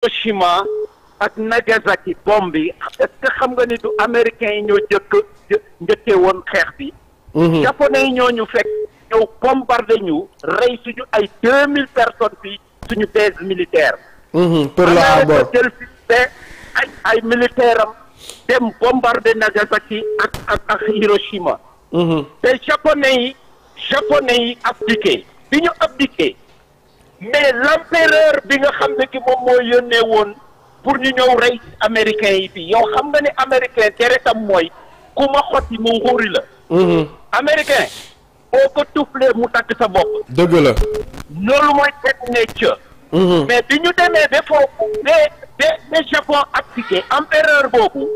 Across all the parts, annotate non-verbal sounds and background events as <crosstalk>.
Hiroshima ak Nagasaki bombe bi est xam nga ni du américains yi ñoo jëkk njëkkee woon xeex bi mhm. japonais yi ñoo ñu fekk ñëw bombardé ñu rey suñu ay deux mille personnes fii suñu base militaire mhm, pour la mort jël fi ay ay militaire am dem bombardé Nagasaki ak ak ak Hiroshima mhm. te japonais yi japonais yi abdiqué bi ñu abdiqué mais l'empereur bi nga xam ne ki moom moo yónnee woon pour ñu ñëw rey américain yi fii yow xam nga ne américain deretam mooy ku ma xotti mu xuri la mhm. américain boo ko tuflee mu takk sa bopp dëgg la loolu mooy tête nature mhm. mais bi ñu demee ba foofu ba ba ba Japon appliqué empereur boobu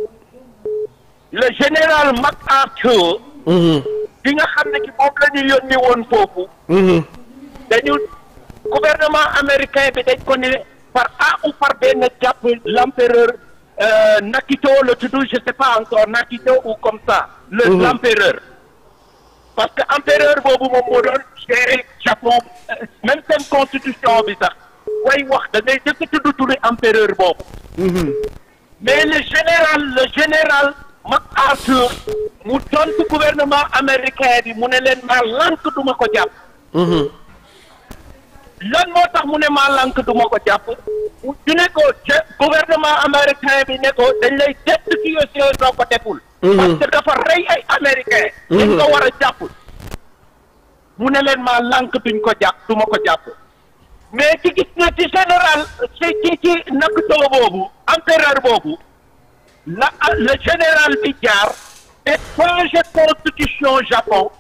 le général MacArthur mhm. bi nga xam ne ki moom la ñu woon foofu dañu gouvernement américain bi dañ ko ne par A ou par B nga jàpp l'empereur euh, Nakito le tudd je sais pas encore Nakito ou comme ça. le mhm. l'empereur. parce que empereur boobu moom moo doon gérer Japon euh, même seen constitution bi sax way wax da ngay jëkk tudd turi empereur boobu. Mhm. mais le général le général MacArthur mu tontu gouvernement américain bi mu ne len maa lànk duma ko jàpp. Mhm. lan moo tax mu ne maa lank du ma ko jàpp ñu ne ko gouvernement américain bi ne ko dañ lay destituer yooyu soo ko deful mhm. parce que dafa rey ay américain mhm. dañ ko war a jàpp mu ne leen maa lànk duñ ko jàpp du ma ko jàpp mais ci gis na ci général ci ci ci nak too boobu empereur boobu la général bi et changé constitution Japon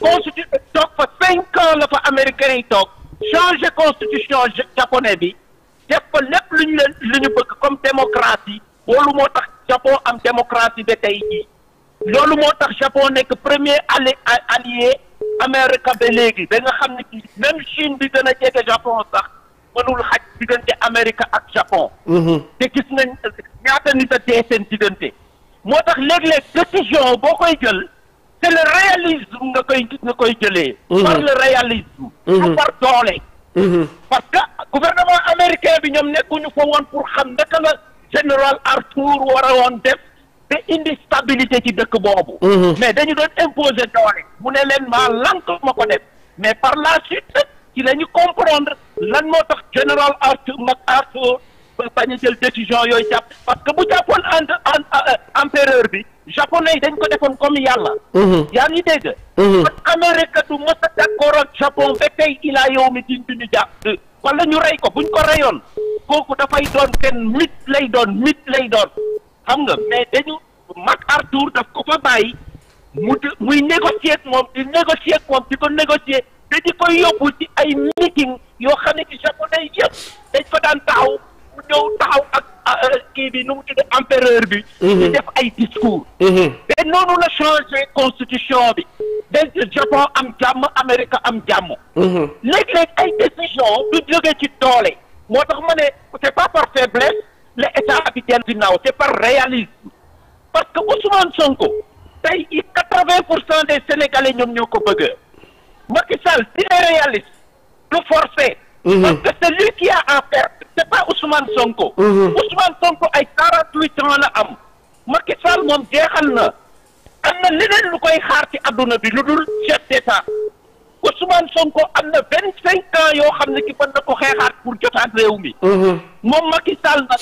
constitution toog fa cinq ans la fa américain yi toog changer constitution japonais bi def ko lépp lu ñu leen lu ñu bëgg comme démocratie loolu moo tax Japon am démocratie ba tey loolu moo tax Japon nekk premier alli allié Amérique ba léegi ba nga xam ne même Chine bi gën a jege Japon sax mënul xaj diggante Amérique ak Japon. Mm-hmm. te gis nañ ñaata nit a dee seen diggante. moo tax léeg-léeg décision boo koy jël. se le réalisme nga koy nga koy jëlee. Mhm. par le réalisme. ak mhm. par doole. Mhm. parce que gouvernement américain bi ñoom nekkuñu fa woon pour xam naka la général Arthur war woon def te indi stabilité ci dëkk boobu. mais dañu doon imposer doole mu ne leen maa lank ma ko def mais par la suite ci la ñu comprendre lan moo tax général Arthur mag Arthur bañ a jël décision yooyu jàpp parce que bu jàppoon ant euh, empereur bi. japonais yi dañ ko defoon comme yàlla. Mhm. yaa ngi dégg. kon mhm. Amérique du mos a d'accord ak Japon ba tey ilaa yow mi di ñu jàpp. wala ñu rey ko buñ ko reyoon kooku dafay doon kenn mit lay doon mit lay doon xam nga mais dañu MacArthur daf ko fa bàyyi mu muy négocier ak moom di négocier ak moom di ko négocier te di koy yóbbu ci ay meeting yoo xam ne ci japonais yëpp dañ ko daan taxaw mu ñëw taxaw ak. Ah, euh, kii bi nu mu tudd empereur bi. Mhm. di def ay discours. te mhm. noonu la changé constitution bi. dégg Japon am jàmm Amérique am jàmm. Mhm. léeg-léeg ay décision du jóge ci doole. moo tax ma ne c'est pas par faiblesse la état bi dellu ginnaaw c'est par réalisme parce que ou Sonko tey i quatre-vingt pour cent des Sénégalais ñoom ñoo ko bëgg. Macky Sall dina réaliste lu forcé. Mhm. parce que c'est lui qui a à perdre c'est pas Ousmane Sonko. Mhm. Ousmane Sonko ay 48 ans la am. Macky Sall moom jeexal na. am na leneen lu koy xaar ci adduna bi lu dul chef d'état Ousmane Sonko am na vingt cinq ans yoo xam ne ki mën na ko xeexaat pour jotaat réew mi. Mhm. moom Macky Sall nag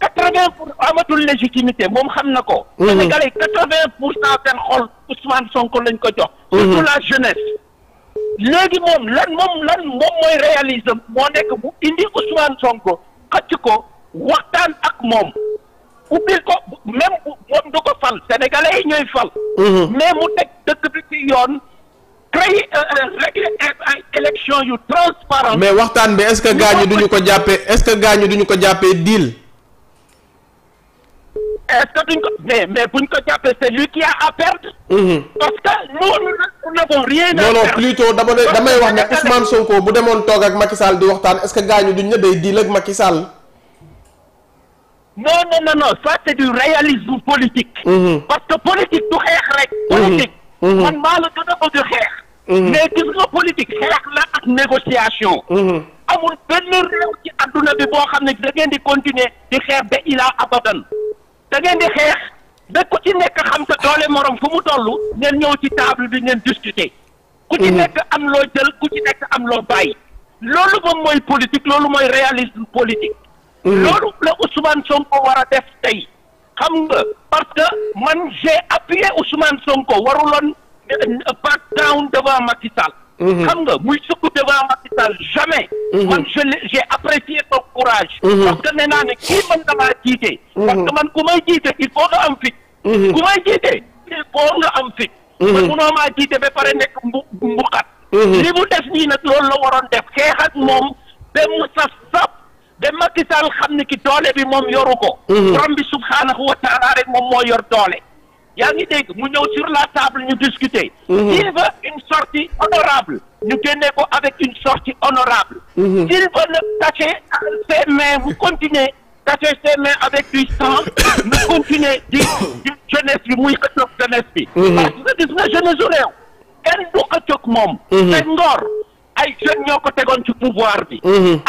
quatre vingt pour amatul légitimité moom xam na ko. Sénégalais quatre vingt pour cent seen xol Ousmane Sonko lañ ko jox. surtout la jeunesse. léegi moom lan moom lan moom mooy réalisme moo nekk bu indi Ousmane Sonko xëcc ko waxtaan ak moom ubbil ko même moom du ko fal sénégalais yi ñooy fal. Mhm. mais mu teg dëkk bi ci yoon. créer euh, euh, régler ay élection yu transparent mais waxtaan bi est-ce que gaañu duñu ko jàppee est-ce gaañu duñu ko jàppee deal. est-ce que duñ ko mais mais buñ ko jàppee c'est lui qui a à perdre. Mhm. parce que loolu nag nous n'avons rien à perdre. non non plutôt dama ne damay wax ne Ousmane Sonko bu demoon toog ak Macky Sall di waxtaan est-ce que gaañu duñ ne day diil ak Macky Sall. non non non non ça c'est du réalisme politique. Mhm. parce que politique du xeex rek. Mhm. politique man maa la gën a bëgg xeex. mais gis nga politique xeex la ak négociation. amul benn réew ci adduna bi boo xam ne da ngeen di continuer di xeex ba ilaa abadan. da ngeen di xeex ba ku ci nekk xam sa doole moroom fu mu toll ngeen ñëw ci table bi ngeen discuter. ku ci mhm. nekk am loo jël ku ci nekk am loo bàyyi. loolu moom mooy politique loolu mooy réalisme politique. Mhm. loolu la Ousmane Sonko war a def tey. xam nga parce que man j'ai appuyé Ousmane Sonko waruloon euh, back down devant Macky Sall. Mhm. xam nga muy sukk devant Macky Sall jamais. Mhm. man je j'ai apprécié ton courage. Mhm. parce que nee naa ne kii mën nga maa jiite. parce que man ku may jiite il faut nga am fit. ku may jiite il faut nga am fit. man munoo maa jiite ba pare nekk mbu mbuqat. li mu def nii nag loolu la waroon def xeex ak moom ba mu saf saf ba Macky xam ne ki doole bi moom yoru ko. borom bi subhaanahu wa taala rek moom moo yor doole. yaa ngi dégg mu ñëw sur la table ñu discuter. s'il mhm. veut une sortie honorable ñu génne ko avec un sortie honorable s'il mhm. veut nag cacher ses mains mu continuer cacher ses mains avec du sang mu di di bi muy xëccoog jeunesse bi mhm. parce que gis nga jeunesse u kenn du xëccoog moom te ngor ay jeunes ñoo ko tegoon ci pouvoir bi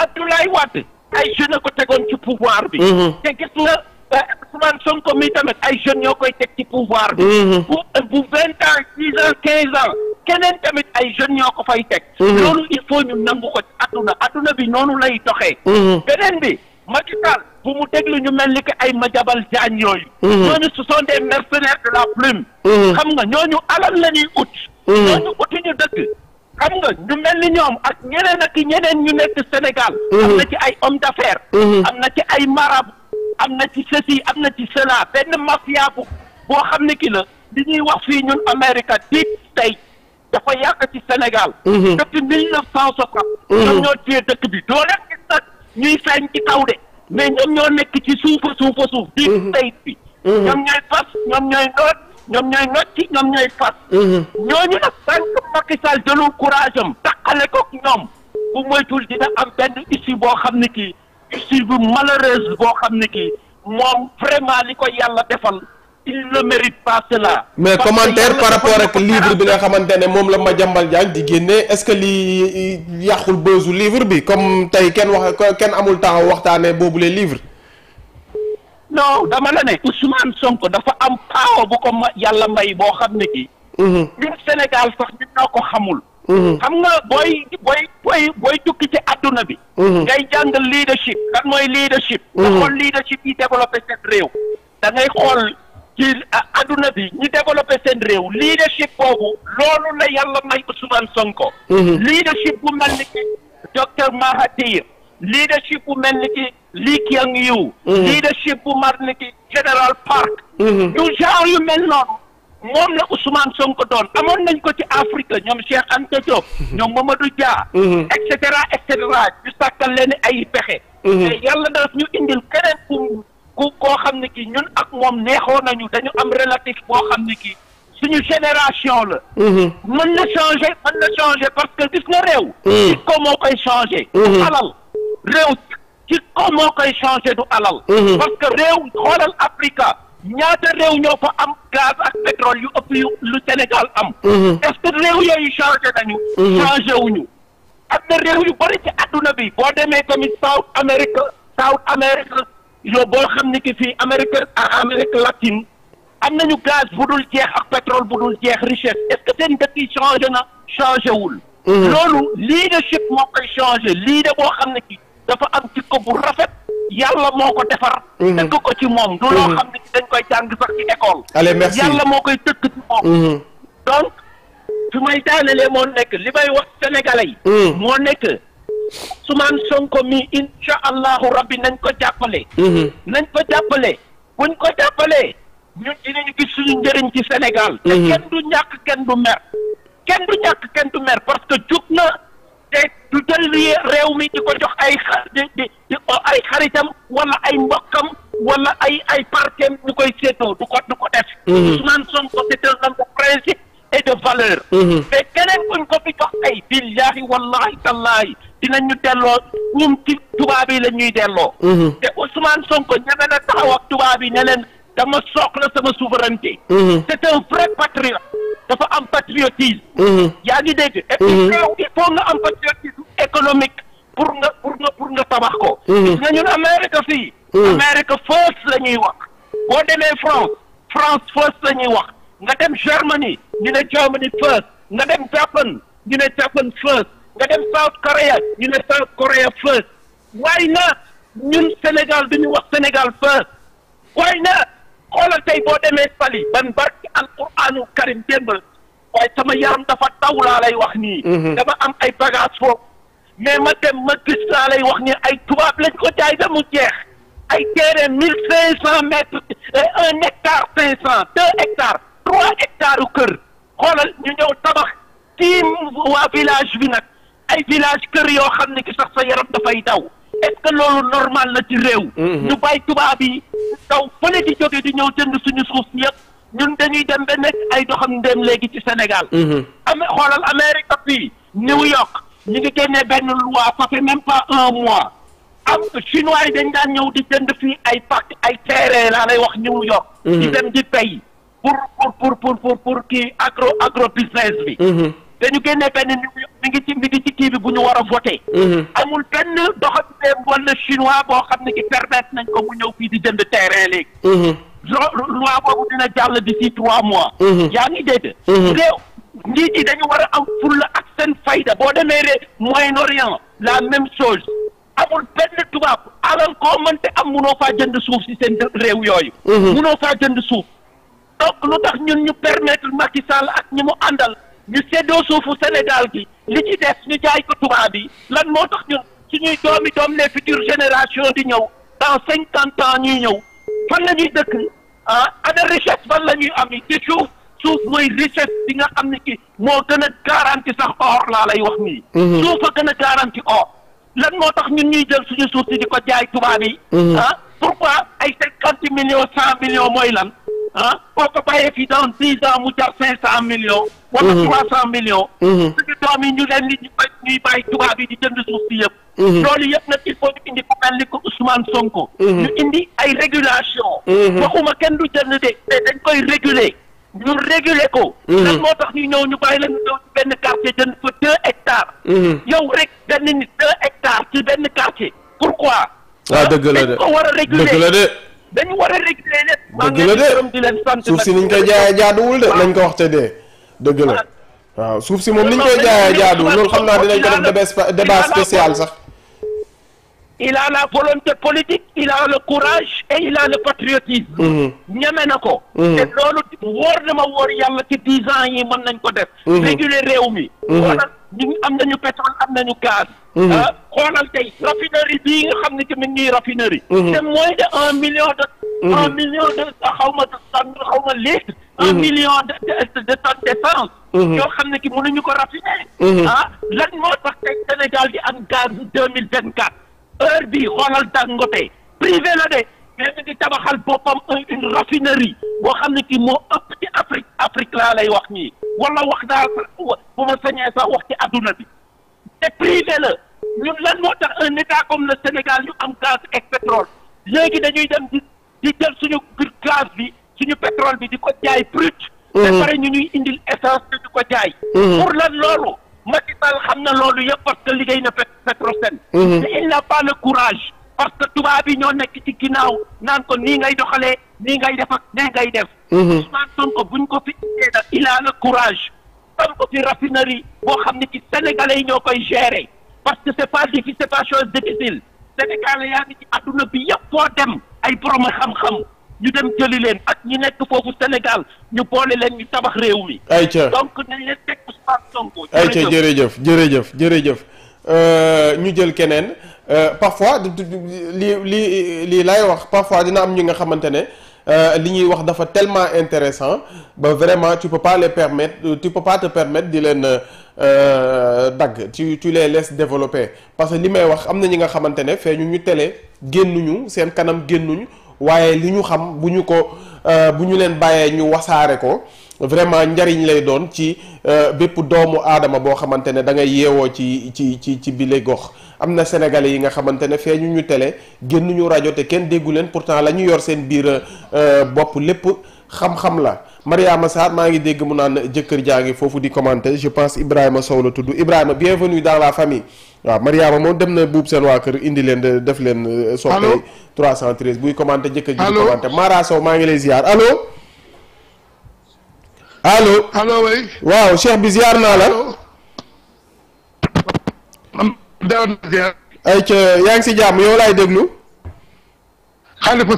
Abdoulaye Wade ay jeunes a ko tegoon ci pouvoir bi te gis nga Ousmane Sonko mi tamit ay jeunes yoo koy teg ci pouvoir bi. Mhm. bu bu vingt ans dix ans quinze ans keneen tamit ay jeunes ñoo ko fay teg. Mhm. loolu il faut ñu nangu ko ci adduna adduna bi noonu lay doxee. Mhm. beneen bi Macky Sall bu mu déglu ñu mel ni que ay majabal Diagne yooyu. ñooñu ce sont des mercenaires de la plume. xam nga ñooñu alal la ñuy ut. ñooñu uti ñu dëkk. xam nga ñu mel ni ñoom ak ñeneen ak ñeneen ñu nekk Sénégal. am na ci ay hommes d'affaires. am na ci ay marab. am na ci ceci am na ci cela benn mafia bu boo xam ne ki la di ñuy wax fii ñun Amérique tey state dafa yàq ci Sénégal. Mhm. depuis mille neuf cent soixante. Mhm. ñoom ñoo téye dëkk bi doo leen gis nag ñuy feeñ ci kaw de mais ñoom ñoo nekk ci suufa suufa suuf. deep state bi. ñoom ñooy fas ñoom ñooy noot ñoom ñooy nocci ñoom ñooy fas. Mhm. ñooñu nag tant que Macky Sall jëlul courage am. taqale ko ñoom bu moytul dina am benn issue boo xam ne kii. justice bu malheureuse boo xam ne kii moom vraiment li ko yàlla defal il ne mérite pas cela. mais commentaire par rapport ak livre bi nga xamante ne moom la Madiambal Diagne di génne est-ce que lii yàqul bësu livre bi comme tey kenn wax kenn amul temps waxtaanee boobu les livres. non dama la ne Ousmane Sonko dafa am paawa bu ko yàlla may boo xam ne kii. Mhm. ñun Sénégal sax ñun ñoo ko xamul. Mm-hmm. xam nga booy booy boy booy tukki ci adduna bi. Mm-hmm. ngay jàng leadership kan mooy leadership. nga mm-hmm. xool leadership yi développé seen réew. da ngay xool ci adduna bi ñu développé seen réew leadership boobu loolu la yàlla may Ousmane Sonko. leadership bu mel ni ki docteur Mahathir. leadership bu mel ni ki Lee Kuan Yew. leadership bu mar ni ki général Park. du genre yu mel noonu. moom la Ousmane Sonko doon amoon nañ ko ci Afrique ñoom Cheikh Anta Diop. Mhm. ñoom Mamadou Dia. Mhm. et cetera et cetera ñu sàkkal leen ay pexe. te mhm. yàlla daf ñu indil keneen ku ku koo xam ne ki ñun ak moom neexoon nañu dañu am relatif boo xam ne ki suñu génération la. mën na changer mën na changer parce que gis nga réew. ci ko moo koy changer. alal réew ci ko moo koy du alal. parce que réew xoolal Afrique. ñaata réew ñoo fa am gaz ak pétrole yu ëpp yu lu Sénégal am. Mhm. est-ce que réew yu changé nañu. Mhm. changé wuñu am na réew yu bari ci adduna bi boo demee tamit South America South America yow boo xam ni ki fii Amérique Amérique latine am nañu gaz bu dul jeex ak pétrole bu dul jeex richesse est-ce que seen dëkk yi na changé wul. Mhm. loolu leadership moo koy changé leader boo xam ne ki dafa am jikko bu rafet yàlla moo ko defar dëkk mhm. ko ci moom du loo mhm. xam ne dañ koy jàng sax ci école merci yàlla moo koy tëkk ci moom mhm. donc fi may daanelee moo nekk li may wax sénégalais moo nekk su Ousmane Sonko mi insha allahu rabbi nañ ko jàppale nañ ko jàppale buñ ko jàppalee ñun dinañu gis suñu njëriñ ci Sénégal te kenn du ñàkk kenn du mer kenn du ñàkk kenn du mer parce que approprier réew mi di ko jox ay di di ay xaritam wala ay mbokkam wala ay ay partem ñu koy seetoo du ko du ko def mhm. Ousmane Sonko c'est un homme de principe et de valeur mhm. mais keneen kuñ ko fi jox ay billahi wallahi tallahi dinañu delloo ñun ci tubaab yi la ñuy delloo mhm. te Ousmane Sonko ñeme na taxaw ak tubaab yi ne leen dama soxla sama souveraineté c'est un vrai patriote dafa am patriotisme yaa ngi dégg et nga am patriotisme économique pour nga pour nga pour nga tabax ko. Mhm. gis nga ñun Amérique fii. Mhm. Amérique first la ñuy wax. boo demee France France first la ñuy wax nga dem Germany ñu ne Germany first nga dem Japan ñu ne Japan first nga dem South Korea ñu ne South Korea first waaye na ñun Sénégal du ñu wax Sénégal first waaye na xoolal tey boo demee Saly ban barke alquraanu karim démb waaye sama yaram dafa taw laa lay wax nii. Mhm. dama am ay bagages foo mais ma dem ma gis laa wax ni ay tubaab lañ ko jaay ba mu jeex ay terrain mille cinq cent mètres euh, un hectare cinq cent deux hectares trois hectares u kër xoolal ñu ñëw tabax ci waa village bi nag ay village kër yoo xam ne ki sax sa yaram dafay daw est-ce que loolu normal na ci réew mhm. ñu bàyyi tubaab yi daw fële di jóge di ñëw jënd suñu suuf yëpp ñun dañuy dem ba nekk ay doxam ndéem léegi ci senegal mhm. amee xoolal Amérique New York ñu ngi génnee benn loi ça fait même pas un mois am dañ daan ñëw di jënd fii ay parc ay terrain laa lay wax New York. Mhm. di dem di pay pour pour pour pour pour kii agro agro business bi. dañu mhm. génnee benn mi ngi ci mi ngi kii bi bu ñu war a voté. Mhm. amul benn doxateem wala chinois boo xam ne ki permettre nañ ko mu ñëw fii di jënd terrain léegi. loi boobu dina jàll d'ici trois mois. yaa ngi dégg. réew njiit dañu war a am boo demee Moyen-Orient la même chose amul benn tubaab alal koo mënte am munoo faa jënd suuf si seen réew yooyu. Mhm. munoo faa jënd suuf. donc lu tax ñun ñu permettre Macky Sall ak ñi mu àndal ñu séddoo suufu Sénégal bi li ci des ñu jaay ko tubaab yi lan moo tax ñun suñuy doomi doom les futures génération di ñëw dans cinquante ans ñuy ñëw fan la ñuy dëkk ah ana richesse fan la ñuy am ci suuf. suuf mooy richesse bi nga xam ne ki moo gën a garanti sax or laa lay wax nii. Mhm. suuf a gën a garanti or lan moo tax ñun ñuy jël suñu suuf si di ko jaay tubaab yi. Mhm. ah ay cinquante millions mooy lan ah boo ko bàyyee fii dans dix ans mu jar cinq cent millions. wala mhm. trois cent millions. suñu doom yi ñu leen di ñu ñuy bàyyi tubaab yi di jënd suuf si yëpp. loolu yëpp nag il faut ñu indi ku mel ni ko Ousmane Sonko. indi ay régulation waxuma kenn du jënd de mais dañ koy réguler. ñu réguler ko. Mhm. lan moo tax ñu ñëw ñu bàyyi leen ñëw ci benn quartier jënd fa deux hectares. Mhm. yow rek benn nit deux hectares ci benn quartier. pourquoi. waaw ah, dëgg la de ko war a réguler dëgg la de. dañu war a réguler leen. dëgg la leen sant suuf si niñ koy jaayee jaaduwul de nañ ko wax te dee. dëgg la waaw suuf si moom niñ koy jaayee jaaduwul loolu xam naa dinañ ko def débat spécial sax. il la volonté politique il a le courage et il a le patriotisme. Mm-hmm. ñeme na ko. Mm-hmm. te loolu wóor na ma wóor yàlla ci dix ans yi ko def. Mm-hmm. réguler réew mi. xoolal ñu am nañu pétrole am nañu gaz. ah xoolal tey raffinerie bii nga xam ne tamit ñuy raffinerie. te moins de un million de. un million de ah, xaw xam ne ki mënuñu ko raffiner. ah lan moo tax tey Sénégal di am de deux mille vingt heure bi xoolal Dangote privé la de mais mi ngi tabaxal boppam une raffinerie boo xam ne kii moo ëpp ci Afrique Afrique laa lay wax nii walla wax daal bu ma sañee sax wax ci adduna bi te privé la ñun lan moo tax un état comme le Sénégal ñu am gaz ak pétrole léegi dañuy dem di di jël suñu gaz bi suñu pétrole bi di ko jaay brut. ba mm-hmm. pare ñu ñuy indil essence bi di ko jaay. Mm-hmm. pour lan loolu. Macky Sall xam na loolu yëpp parce que liggéey na Petrosen te mhm. il n'a pas le courage parce que tubaab yi ñoo nekk ki ginnaaw naan ko nii ngay doxalee nii ngay def ak nee ngay def mhm. Ousmane Sonko buñ ko fi indee nag il a le courage boo xam ne ci yi ñoo koy gérer parce que c'est pas difficile c'est pas chose difficile sénégalais yaa ngi ci adduna bi yëpp foo dem ay borom xam-xam ñu dem jëli leen ak ñu nekk foofu Sénégal ñu boole leen ñu tabax réew mi. ayca donc nañ leen teg Ousmane Sonko. ayca jërëjëf jërëjëf jërëjëf euh, ñu jël keneen euh, parfois li li lii lay wax parfois dina am ñi nga xamante ne. Euh, li ñuy wax dafa tellement intéressant ba vraiment tu peux permettre tu peux te permettre di leen dagg tu tu les laisses développer parce que li may wax am na ñi nga xamante ne feeñu ñu télé génnuñu seen kanam génnuñu waaye li ñu xam bu ñu ko euh, bu ñu leen bàyyee ñu wasaare ko vraiment njariñ lay doon ci euh, bépp doomu aadama boo xamante ne da ngay yeewoo ci ci ci ci bile gox am na sénégalais yi nga xamante ne feeñu ñu télé génn ñu rajote kenn déggu leen pourtant la ñu yor seen biir euh, bopp lépp xam-xam la. Mariama Sarr maa ngi dégg mu naan jëkkër jaa ngi foofu di commenter je pense Ibrahima Sow la tudd Ibrahima bienvenue dans la famille waaw Mariama moom dem na buub seen waa kër indi leen def leen. allo soppay 313 buy commenter jëkkër ji. allo di commenter Mara Sow maa ngi lay ziar allo. allo waaw Cheikh bi ziar naa la. ay ca yaa ngi si jàmm yow laay déglu. Xalifa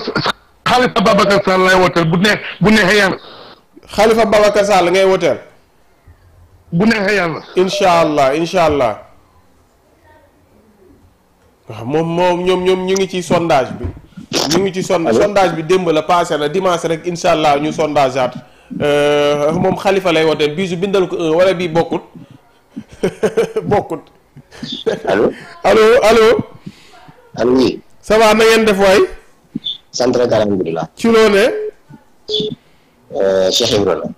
Xalifa Babacar Sall lay wooteel bu neex bu neexee yàlla. Khalifa Babacar Sall ngay woteel. bu neexee yàlla. incha allah incha allah. waaw moom moom ñoom ñoom ñu ngi ci sondage bi. ñu ngi ci sondage sondage bi démb la passé na dimanche rek incha allah ñu sondage aat euh, moom xalifa lay woteel bii su bindal ko wala bii bokkut <laughs> bokkut. allo allo allo. allo oui. ça def waay. ci loo ne. Cheikh Ibrahima.